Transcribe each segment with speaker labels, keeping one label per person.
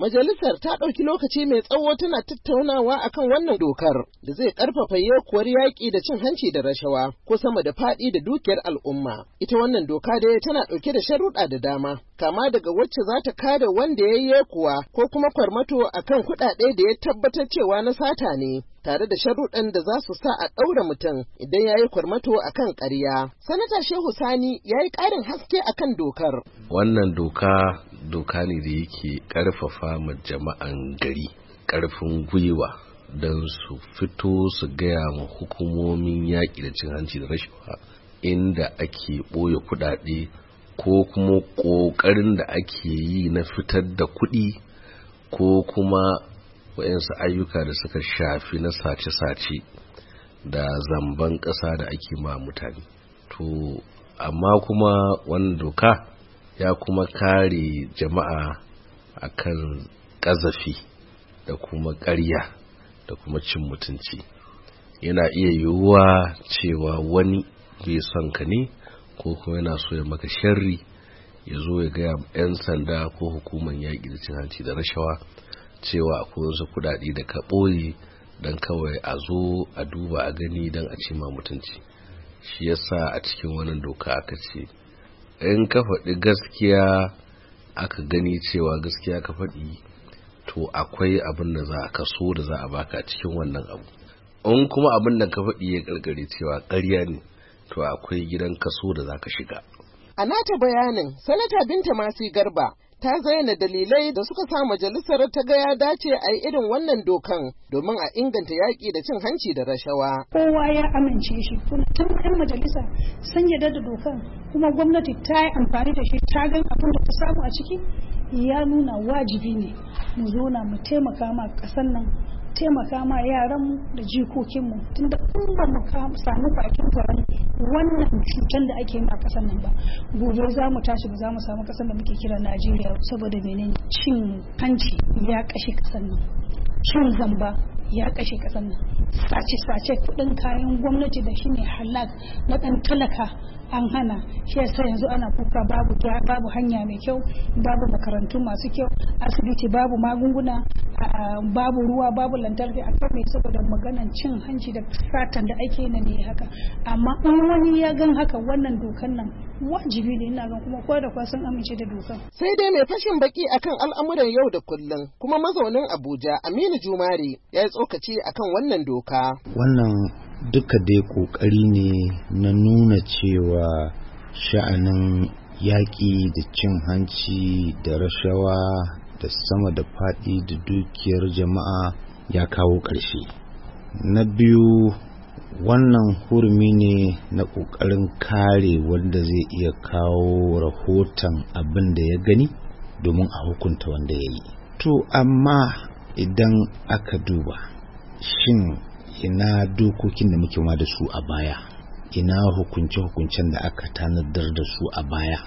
Speaker 1: Majalisar ta ɗauki lokaci mai tsawo tana tattaunawa akan wannan dokar da zai ƙarfafa yekuwar yaƙi da cin hanci da rashawa ko sama da faɗi da dukiyar al'umma. Ita wannan doka dai tana ɗauke da sharuɗa da dama, kama daga wacce za ta kada wanda ya yi kuwa ko kuma kwarmato akan kuɗaɗe da ya tabbatar cewa na sata ne. tare da sharuɗan da za su sa a ɗaura mutum idan ya yi kwarmato a kan ƙarya. Sanata Shehu Sani ya yi ƙarin haske a kan dokar.
Speaker 2: Wannan doka doka ne da yake karfafa ma jama'an gari karfin gwiwa don su fito su gaya ma hukumomin yaƙi da cin hanci da rashawa inda ake ɓoye kuɗaɗe ko kuma ƙoƙarin da ake yi na fitar da kuɗi ko kuma waɗansu ayyuka da suka shafi na sace-sace da zamban ƙasa da ake ma mutane to amma kuma wani doka ya kuma kare jama'a akan ƙazafi da kuma ƙarya da kuma cin mutunci yana iya yiwuwa cewa wani bai son ka ne ko kuma yana so ya maka sharri ya zo ya gaya 'yan sanda ko hukumar yaƙi da cin hanci da rashawa cewa akwai wasu kudade da ka ɓoye don kawai a zo a duba a gani don a cima mutunci shi yasa a cikin wannan doka aka ce in ka faɗi gaskiya aka gani cewa gaskiya ka faɗi to akwai abin da za a kaso da za a baka cikin wannan abu in kuma abin da ka faɗi ya ƙarƙare cewa ƙarya ne to akwai gidan kaso da za ka shiga
Speaker 1: a nata bayanin sanata binta masu garba ta zayyana dalilai da suka sa majalisar ta gaya dace a yi irin wannan dokan domin a inganta yaƙi da cin hanci da rashawa.
Speaker 3: Kowa ya amince shi kuma tun majalisa sun yarda da dokan kuma gwamnati ta yi amfani da shi ta gan abin da ta samu a ciki ya nuna wajibi ne mu zauna mu taimaka ma kasan nan taimaka ma yaranmu da jikokinmu tunda in ba mu samu bakin tsoron wannan cutar da ake ma kasan nan ba gobe za mu tashi ba za mu samu kasan da muke kira najeriya saboda menene cin hanci ya kashe kasan nan cin zamba ya kashe kasan nan sace-sace kudin kayan gwamnati da shine halak na dan talaka an hana shi yasa yanzu ana kuka babu babu hanya mai kyau babu makarantu masu kyau asibiti babu magunguna babu ruwa babu lantarki a kan saboda maganan cin hanci da satan da ake na ne haka amma in wani ya gan haka wannan dokan nan wajibi ne ina gan kuma ko da kwa sun amince da dokar.
Speaker 1: Sai dai mai fashin baki akan al'amuran yau da kullum kuma mazaunin Abuja Aminu Jumare ya yi tsokaci akan wannan doka.
Speaker 4: Wannan duka dai kokari ne na nuna cewa sha'anin yaƙi da cin hanci da rashawa da sama da faɗi da dukiyar jama'a ya kawo ƙarshe. Na biyu wannan hurumi ne na ƙoƙarin kare wanda zai iya kawo rahoton abin da ya gani domin a hukunta wanda ya yi to amma idan aka duba shin ina dokokin da muke ma da su a baya ina hukunce-hukuncen da aka tanadar da su a baya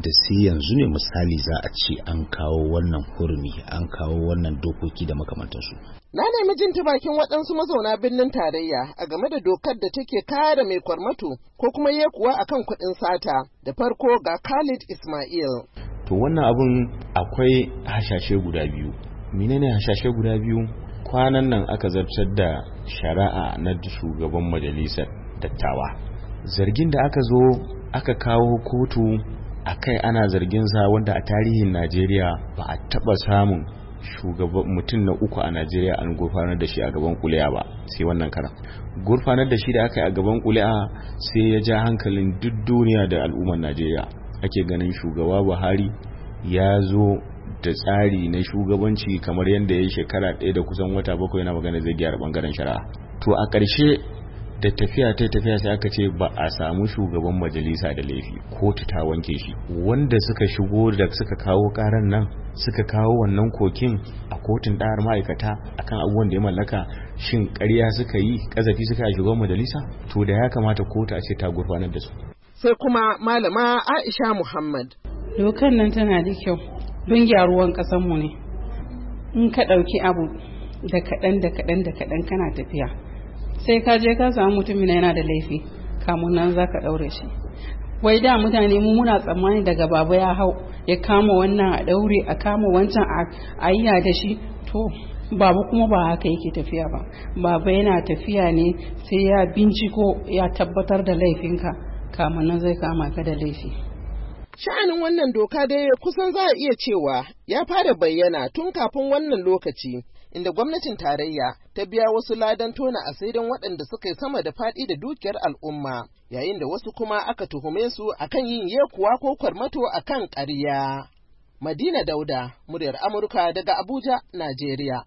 Speaker 4: da sai yanzu ne misali za a ce an kawo wannan hurmi an kawo wannan dokoki da makamantansu.
Speaker 1: Na nemi jin ta bakin waɗansu mazauna birnin tarayya a game da dokar da take kare mai kwarmato ko kuma ya kuwa akan kuɗin sata da farko ga Khalid Ismail.
Speaker 5: To wannan abun akwai hashashe guda biyu. Menene hashashe guda biyu? Kwanan nan aka zartar da shari'a na shugaban majalisar dattawa. Zargin da aka zo aka kawo kotu akai ana zargin sa wanda a tarihin Najeriya ba a taba samun shugaban mutum na uku a Najeriya an gurfanar da shi a gaban kuliya ba sai wannan kara gurfanar da shi da aka yi a gaban kuliya sai ya ja hankalin duk duniya da al'ummar Najeriya ake ganin shugaba Buhari ya zo da tsari na shugabanci kamar yadda ya yi shekara ɗaya da kusan wata bakwai yana magana zai gyara bangaren shari'a to a ƙarshe da tafiya ta tafiya sai aka ce ba a samu shugaban majalisa da laifi kotu ta wanke shi wanda suka shigo da suka kawo karan nan suka kawo wannan kokin a kotun ɗayar ma'aikata akan abubuwan da ya mallaka shin karya suka yi ƙazafi suka yi shugaban majalisa to da ya kamata kotu a ce ta gurfanar da su
Speaker 1: sai kuma malama
Speaker 3: aisha muhammad dokar nan tana da kyau don gyaruwan ƙasarmu ne in ka ɗauki abu da kaɗan da kaɗan da kaɗan kana tafiya sai ka je ka samu mutumin yana da laifi kamun nan za ka ɗaure shi wai da mutane mu muna tsammani daga babu ya hau ya kama wannan a ɗaure a kama wancan a ayya da shi to babu kuma ba haka yake tafiya ba babu yana tafiya ne sai ya binciko ya tabbatar da laifinka kamun nan zai kama ka da laifi
Speaker 1: Sha'anin wannan doka dai kusan za a iya cewa ya fara bayyana tun kafin wannan lokaci, inda gwamnatin tarayya ta biya wasu ladan tona a saidan waɗanda suka yi sama da faɗi da dukiyar al'umma, yayin da wasu kuma aka tuhume su akan yin yekuwa ko kwarmato akan ƙarya. Madina Dauda, muryar Amurka daga Abuja, Najeriya.